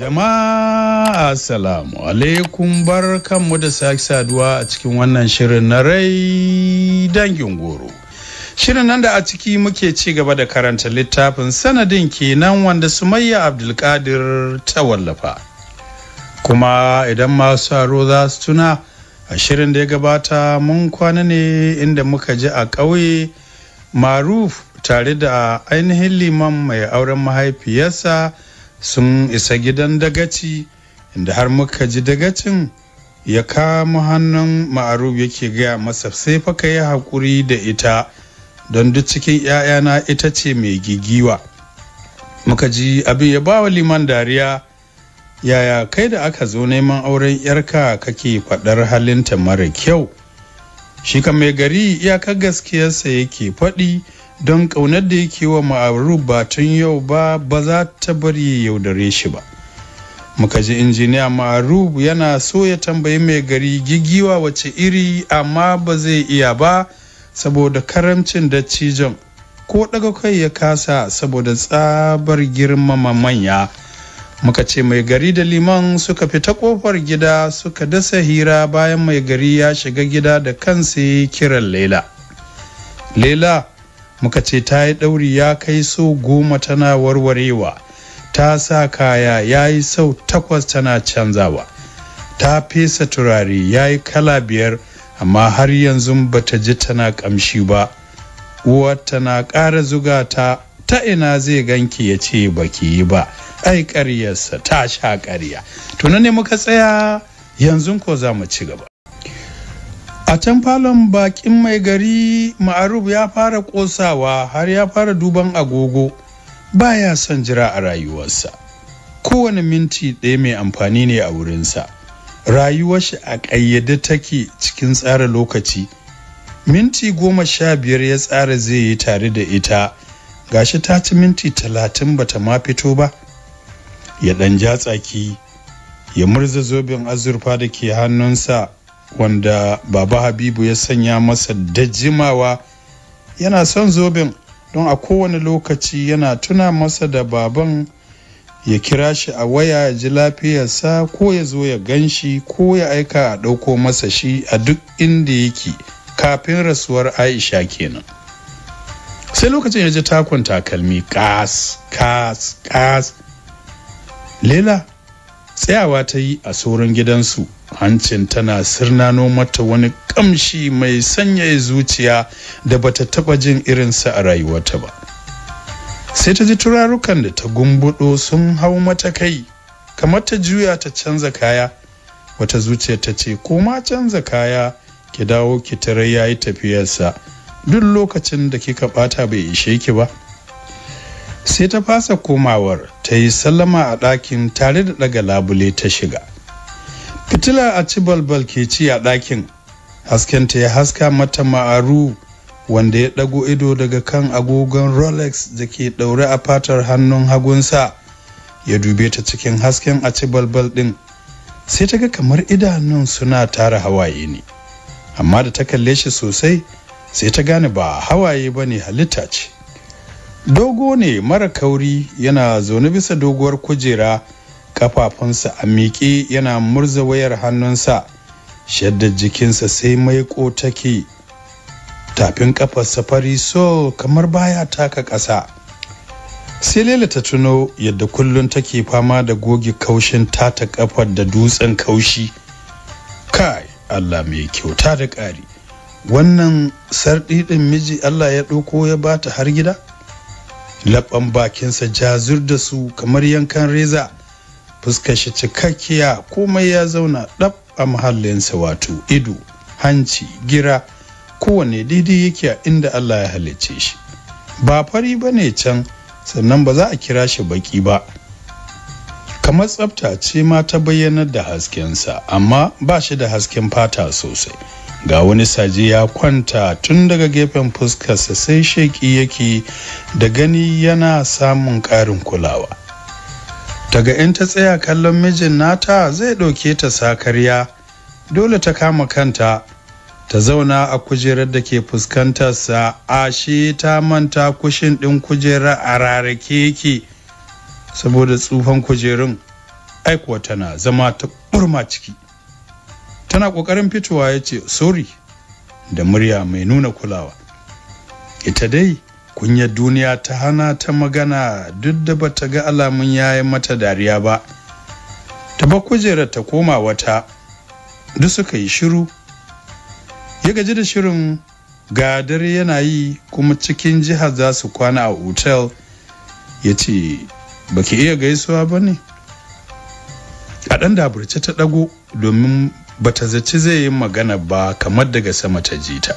Jama'a Assalamu alaikum bar kanmu da sake saduwa a cikin wannan shirin na rai dangin goro. Shirin nan da a ciki muke ci gaba da karanta littafin sanadin kenan wanda Sumayya Abdulkadir ta wallafa. Kuma idan masu aro za su tuna a shirin da ya gabata mun kwana ne inda muka ji a ƙauye Maruf tare da ainihin liman mai auren mahaifiyarsa. sun isa gidan dagaci inda har muka ji dagacin ya kama hannun ma'aruf yake gaya masa sai fa ka yi haƙuri da ita don duk cikin 'ya'yana ita ce mai gigiwa muka ji abin ya ba wa liman dariya yaya kai da aka zo neman auren yarka kake faɗar halinta mara kyau shi ka mai gari iyakar gaskiyarsa yake faɗi don ƙaunar da yake wa ma'aruf ba tun yau ba ba za ta bari yaudare shi ba muka ji injiniya ma'aruf yana so ya tambayi mai gari gigiwa wace iri amma ba zai iya ba saboda karamcin dattijon ko daga kai ya kasa saboda tsabar girmama manya muka ce mai gari da liman suka fita kofar gida suka dasa hira bayan mai gari ya shiga gida da kansa kiran lela lela muka ce ta yi ɗauri ya kai so goma tana warwarewa ta sa kaya ya yi sau takwas tana canzawa ta fesa turare ya yi kala biyar amma har yanzu bata ji tana ƙamshi ba uwar tana ƙara zuga ta ta ina zai ganki ya ce baki yi ba ai ƙaryarsa ta sha karya to ne muka tsaya yanzu ko za mu ci gaba a can falon bakin mai gari ma'arub ya fara kosawa har ya fara duban agogo Ba ya son jira a rayuwarsa kowane minti ɗaya mai amfani ne a wurinsa rayuwar shi a ƙayyade take cikin tsara lokaci minti goma sha biyar ya tsara zai yi tare da ita gashi ta ci minti talatin bata ma fito ba ya ɗan ja tsaki ya murza zoben azurfa da ke hannunsa wanda baba habibu ya sanya masa da jimawa yana son zobin don a kowane lokaci yana tuna masa da baban ya kira shi a waya ya ji lafiyarsa ko ya zo ya gan shi ko ya aika a ɗauko masa shi a duk inda yake kafin rasuwar aisha kenan sai lokacin ya ji takon takalmi kas kas kas lela tsayawa ta yi a sauran gidansu hancin tana sirnano mata wani kamshi mai sanyaya zuciya da bata taba jin irinsa a rayuwarta ba sai ta ji turarukan da ta gumbudo sun hau mata kai kamar ta juya ta canza kaya wata zuciya ta ce ko ma canza kaya ki dawo ki tare yayi tafiyarsa duk lokacin da kika bata bai ishe ki ba sai ta fasa komawar ta yi sallama a ɗakin tare da ɗaga labule ta shiga fitila a ci balbal ke ci a ɗakin haskenta ya haska mata ma'aru wanda ya ɗago ido daga kan agogon rolex da ke ɗaure a fatar hannun hagunsa ya dube ta cikin hasken a ci balbal ɗin sai ta ga kamar idanun suna tara hawaye ne amma da ta kalle shi sosai sai ta gane ba hawaye ba ne halitta ce dogo ne mara kauri yana zaune bisa doguwar kujera kafafunsa a miƙe yana murza wayar hannunsa shaddar jikinsa sai mai take tafin kafar fari so kamar baya taka ƙasa sai lela ta tuno yadda kullum take fama da goge kaushin tata kafar da dutsen kaushi kai allah mai kyauta da ƙari wannan sarɗiɗin miji allah ya ɗauko ya bata har gida labban bakinsa jazur da su kamar yankan reza fuskar shi cikakkiya komai ya zauna ɗab a mahallinsa wato ido hanci gira kowane daidai yake a inda Allah ya halicce shi ba fari bane can sannan ba za a kira shi baki ba kamar tsafta ce ma ta bayyanar da haskensa amma ba shi da hasken fata sosai ga wani saji ya kwanta tun daga gefen fuskarsa sai sheki yake da gani yana samun ƙarin kulawa taga in ta tsaya kallon mijin nata zai ɗauke ta sakarya dole ta kama kanta ta zauna a kujerar da ke fuskantarsa ashe ta manta kushin ɗin kujerar a rarake yake saboda tsufan kujerun aikuwa tana zama ta ɓurma ciki tana ƙoƙarin fitowa ya ce Sori, da murya mai nuna kulawa ita dai kunyar duniya ta hana ta magana duk da bata ga alamun yayin mata dariya ba ta ba kujerar ta koma wata duk suka yi shiru ya gaji da shirin ga dare yana yi kuma cikin jihar za su kwana a otal ya ce ba ki iya gaisuwa ba ne a ɗan daburce ta ɗago domin ba ta zaci zai yi magana ba kamar daga sama ta jita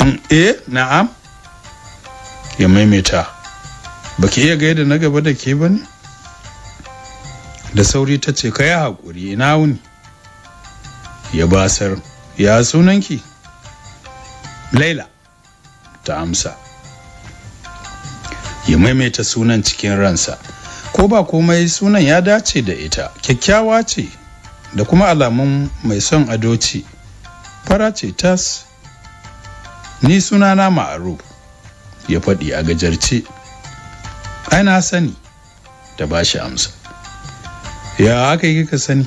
in mm, eh na'am ya maimaita ba ki iya gaida na gaba da ke ba ne da sauri ta ce ka yi haƙuri ina wuni ya basar ya sunanki laila ta amsa ya maimaita sunan cikin ransa ko ba komai sunan ya dace da ita kyakkyawa ce da kuma alamun mai son adoci ce fara ce tas ni sunana ma'aruf ya faɗi a gajarce ana sani ta ba shi amsa ya aka yi ka sani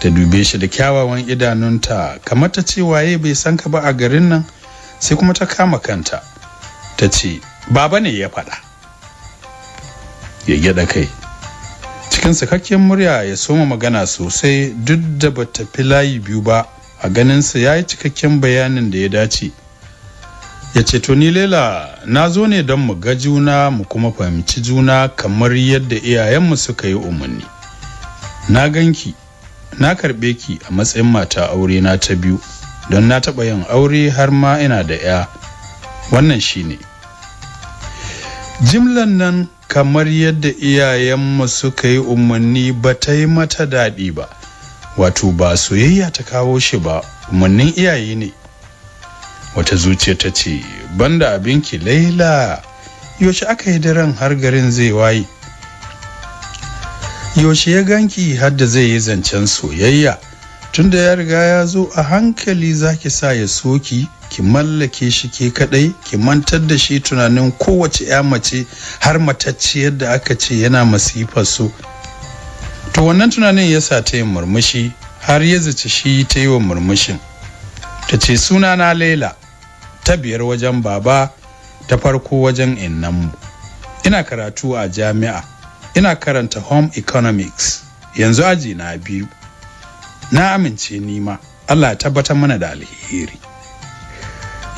ta dube shi da kyawawan idanunta kamar ta ce waye bai san ka ba a garin nan sai kuma ta kama kanta ta ce baba ne ya faɗa ya gyaɗa kai cikin sakakken murya ya soma magana sosai duk da bata fi layi biyu ba a ganinsa ya yi cikakken bayanin da ya dace ya ce to ni lela na zo ne don mu ga juna mu kuma fahimci juna kamar yadda iyayenmu suka yi umarni na ganki na karɓe ki a matsayin mata aure na ta biyu don na taɓa yin aure har ma ina da ya wannan shine jimlan nan kamar yadda iyayenmu suka yi umarni ba ta yi mata daɗi ba wato ba soyayya ta kawo shi ba umarnin iyaye ne wata zuciya ta ce banda abinki laila yaushe aka yi daren har garin zai waye yaushe ya ganki har zai yi zancen soyayya tunda ya riga ya zo a hankali zaki sa ya soki ki mallake shi ke kadai ki mantar da shi tunanin kowace ya mace har matacciyar da aka ce yana masifar su? to wannan tunanin ya sa ta yi murmushi har ya zaci shi ta yi wa murmushin ta ce suna na laila ta biyar wajen baba ta farko wajen mu ina karatu a jami'a ina karanta home economics yanzu aji na biyu na amince nima allah ya tabbatar mana da alheri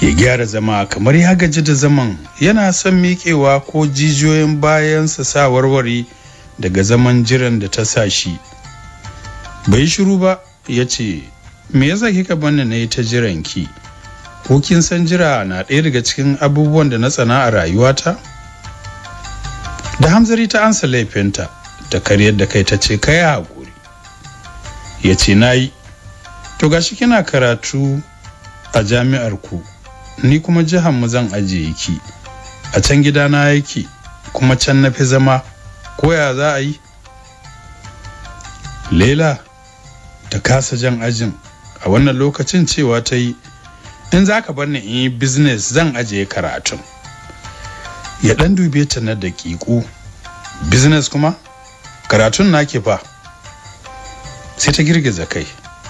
ya gyara zama kamar ya gaji da zaman yana son miƙewa ko jijiyoyin bayansa sa warware daga zaman jiran da ta sa shi bai shiru ba ya ce me yasa kika bani na yi ta jiranki ko kin san jira na ɗaya daga cikin abubuwan da na tsana a rayuwata da hamzari ta ansa laifinta ta karyar da kai ta ce kai haƙuri ya ce na yi to gashi kina karatu a jami'ar ku ni kuma jihar mu zan ajiye ki a can gidana yake kuma can na fi zama koya za a yi lela ta kasa jan ajin a wannan lokacin cewa ta yi in za ka bar ni in yi business zan ajiye karatun ya dan dube ta na daƙiƙu business kuma karatun na ke fa sai ta girgiza kai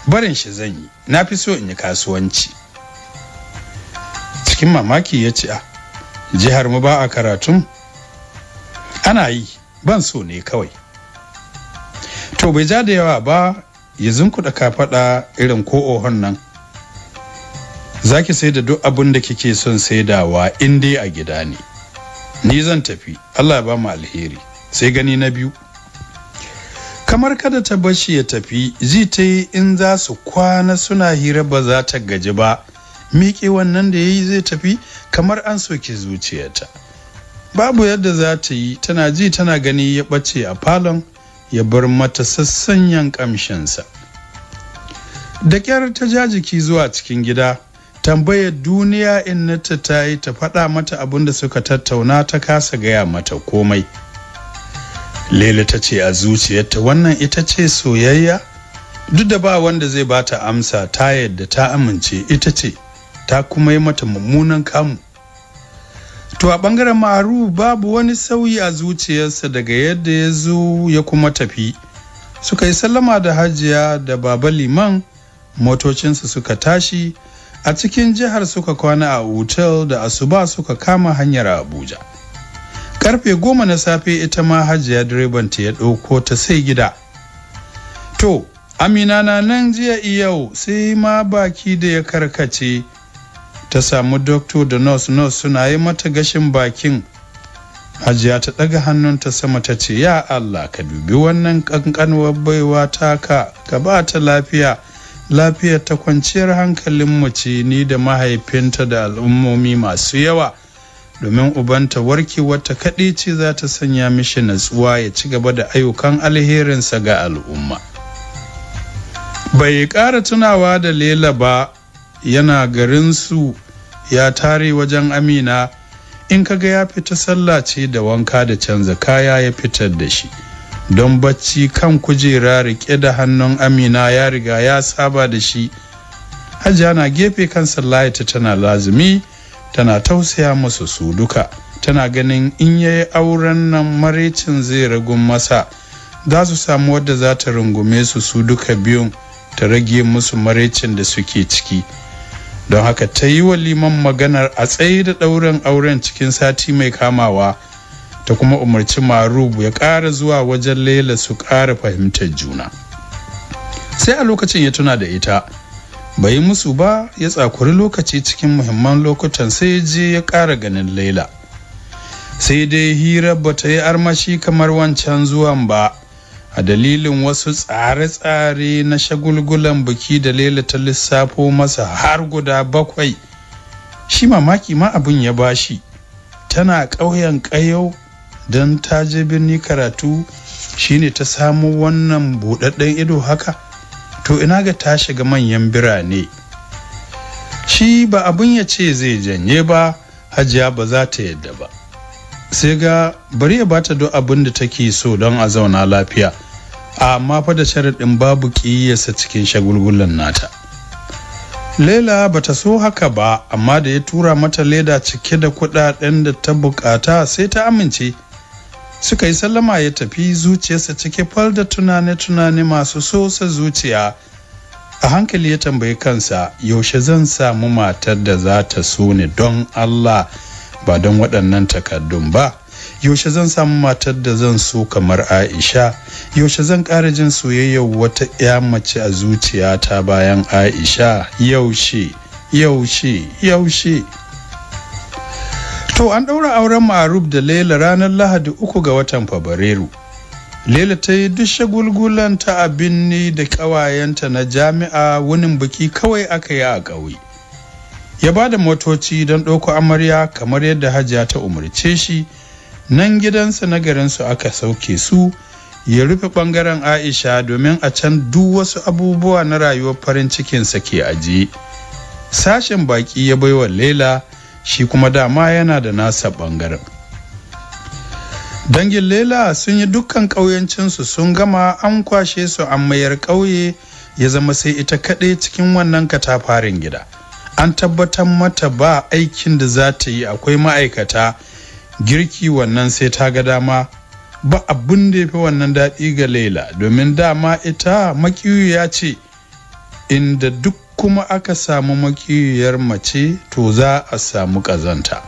barin shi zan yi na fi so in yi kasuwanci cikin mamaki ya ce a ah, jihar mu ba a karatun ana yi ban so ne kawai to bai ja da yawa ba ya zunkuɗa kafaɗa irin ko ohon nan za ki sai da duk abin da kike son sai saidawa in dai a gida ne ni zan tafi allah ba mu alheri sai gani na biyu kamar kada ta bashi ya tafi ji ta yi in za su kwana suna hira ba za ta gaji ba miƙe wannan da ya yi zai tafi kamar an soke zuciyarta babu yadda za ta yi tana ji tana gani ya ɓace a falon ya bar mata sassanyan ƙamshinsa da ƙyar ta ja jiki zuwa cikin gida tambayar duniya in innata ta yi ta faɗa mata abin da suka tattauna ta kasa gaya mata komai lele ta ce a zuciyarta wannan ita ce soyayya duk da ba wanda zai ba ta amsa ta yadda ta amince ita ce ta kuma yi mata mummunan kamu to a bangaren maru babu wani sauyi a zuciyarsa daga yadda ya zo ya kuma tafi suka yi sallama da hajiya da baba liman motocinsu suka tashi a cikin jihar suka kwana a otal da asuba suka kama hanyar abuja karfe goma na safe ita ma hajiya direban ta ya ɗauko ta sai gida to amina na nan jiya yau sai ma baki da ya karkace ta samu doctor da nurse nurse suna yi mata gashin bakin hajiya ta ɗaga ta sama ta ce ya allah ka dubi wannan ƙanƙanuwar baiwa taka ka ba ta lafiya lafiyar ta kwanciyar hankalin mace ni da mahaifinta da al'ummomi masu yawa domin ubanta warki wata kaɗai ce za ta sanya mishi natsuwa ya ci gaba da ayyukan alherinsa ga al'umma bai ƙara tunawa da lela ba yana garin su ya tare wajen amina in kaga ya fita sallah ce da wanka da canza kaya ya fitar da shi don bacci kan kujera rike da hannun amina ya riga ya saba da shi hajiya na gefe kan sallayata tana lazumi tana tausaya musu su duka tana ganin in ya yi auren nan maraicin zai ragun masa za su samu wadda za ta rungume su su duka biyun ta rage musu maraicin da suke ciki don haka ta yi wa liman maganar a tsaye da ɗaurin auren cikin sati mai kamawa ta kuma umarci marubu ya ƙara zuwa wajen laila su ƙara fahimtar juna sai a lokacin ya tuna da ita bai yi musu ba ya tsakuri lokaci cikin muhimman lokutan sai ya je ya ƙara ganin laila sai dai hira ba ta yi armashi kamar wancan zuwan ba a dalilin wasu tsare-tsare na shagulgulan biki da laila ta lissafo masa har guda bakwai shi mamaki ma abin ya bashi tana ƙauyen ƙayau don ta je birni karatu shine ta samu wannan buɗaɗɗen ido haka to ina ga ta shiga manyan birane shi ba abin ya ce zai janye ba hajiya ba za ta yadda ba sai ga bari ya bata duk abin da take so don a zauna lafiya amma fa da sharaɗin babu ƙiyasa cikin shagulgulan nata Laila bata so haka ba amma da ya tura mata leda cike da kudaden da ta bukata sai ta amince suka yi sallama ya tafi zuciyarsa cike fal da tunane-tunane masu sosa zuciya a hankali ya tambayi kansa yaushe zan samu matar da za ta so ni don allah ba don waɗannan takardun ba yaushe zan samu matar da zan so kamar aisha yaushe zan ƙara jin soyayyar wata 'ya mace a zuciyata bayan aisha yaushe yaushe yaushe To an ɗaura auren Ma'aruf da Laila ranar Lahadi uku ga watan Fabrairu. Laila ta yi duk gulgulan ta abin ni da ƙawayenta na jami'a wunin biki kawai aka yi a ƙauye. Ya bada motoci don ɗauko amarya kamar yadda hajiya ta umarce shi, nan gidansa na garinsu aka sauke su, ya rufe ɓangaren Aisha domin a can duk wasu abubuwa na rayuwar farin cikinsa ke ajiye. Sashen baƙi ya baiwa Laila. shi kuma dama yana da nasa bangaren dangin lela sun yi dukkan ƙauyencinsu sun gama an kwashe su an mayar ƙauye ya zama sai ita kaɗai cikin wannan katafarin gida an tabbatar mata ba aikin da za ta yi akwai ma'aikata girki wannan sai ta ga dama ba abin da ya fi wannan daɗi ga laila domin dama ita makiyu ya ce inda duk kuma aka samu makiyar mace to za a samu ƙazanta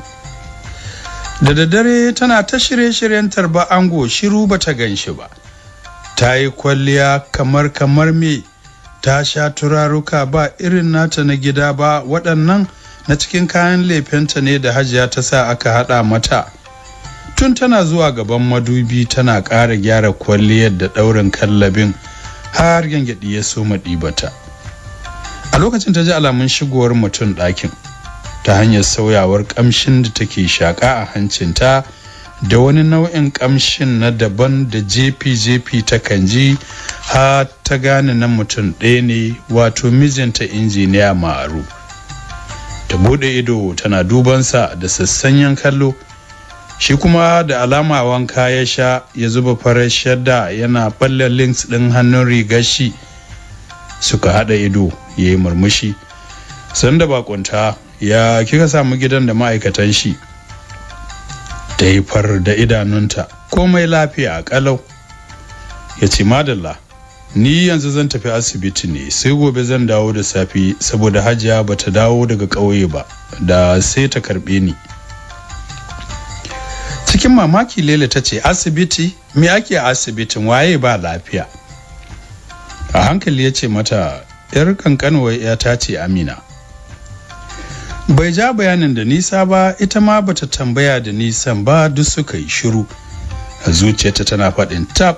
da daddare tana ta shirye-shiryen tarba ango shiru ba ta gan ba ta yi kwalliya kamar kamar me ta sha turaruka ba irin nata na gida ba waɗannan na cikin kayan lefenta ne da hajiya ta sa aka haɗa mata tun tana zuwa gaban madubi tana ƙara gyara kwalliyar da ɗaurin kallabin har gyangyaɗi ya ba ɗibata. a lokacin ta ji alamun shigowar mutum ɗakin ta hanyar sauyawar ƙamshin da take shaƙa a hancinta da wani nau'in ƙamshin na daban da jefi-jefi ta kan ji ha ta gane na mutum ɗaya ne wato mijinta injiniya ma'aru ta buɗe ido tana dubansa da sassanyen kallo shi kuma da alama wanka ya sha ya zuba farar shadda yana balle links ɗin hannun rigar shi suka haɗa ido ya yi murmushi sanda bakunta ya kika samu gidan da ma'aikatan shi ta yi far da idanunta komai lafiya a kalau ya ce madalla ni yanzu zan tafi asibiti ne sai gobe zan dawo da safi saboda hajiya ba ta dawo daga ƙauye ba da sai ta karɓe ni cikin mamaki lele ta ce asibiti me ake asibitin waye ba lafiya a hankali ya ce mata yar kankanuwar ya ta ce amina bai ja bayanin da nisa ba ita ma bata tambaya da nisan ba duk suka yi shiru a zuciyarta tana faɗin tab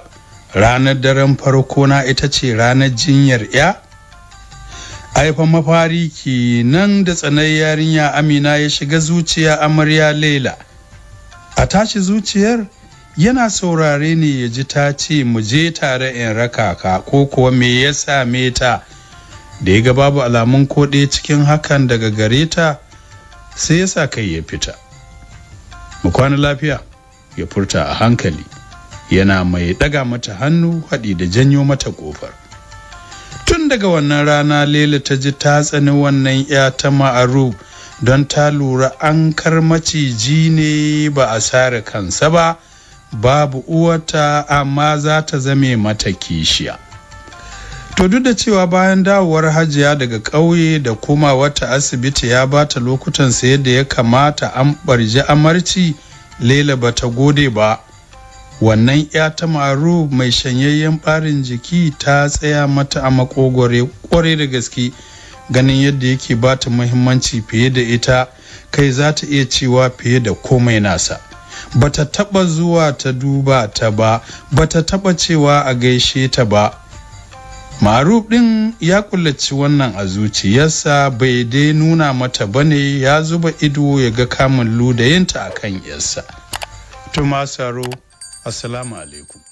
ranar daren farko na ita ce ranar jinyar ya Aifan mafari ki nan da tsanai yarinya amina ya shiga zuciya amarya laila a tashi zuciyar yana saurare ne ya ji ta ce mu je tare in raka ka ko kuwa me ya same ta da ya ga babu alamun ko cikin hakan daga gare ta sai ya sa kai ya fita mu kwana lafiya ya furta a hankali yana mai ɗaga mata hannu haɗi da janyo mata ƙofar tun daga wannan rana lela ta ji ta tsani wannan ya ta ma'aru don ta lura an kar maciji ne ba a sare kansa ba babu uwata amma za ta zame mata kishiya to duk da cewa bayan dawowar hajiya daga ƙauye da kuma wata asibiti ya ba ta lokutan sa yadda ya kamata an barji amarci lela ta gode ba wannan ya ta maru mai shanyayyen ɓarin jiki ta tsaya mata a makogore kwarai da gaske ganin yadda yake bata muhimmanci fiye da ita kai za ta iya cewa fiye da komai nasa bata taba zuwa ta duba ta ba bata taba cewa a gaishe ta ba maruf din ya kullaci wannan a zuciyarsa bai dai nuna mata bane ya zuba ido ya ga kamun ludayinta kan yarsa tumasaro assalamu alaikum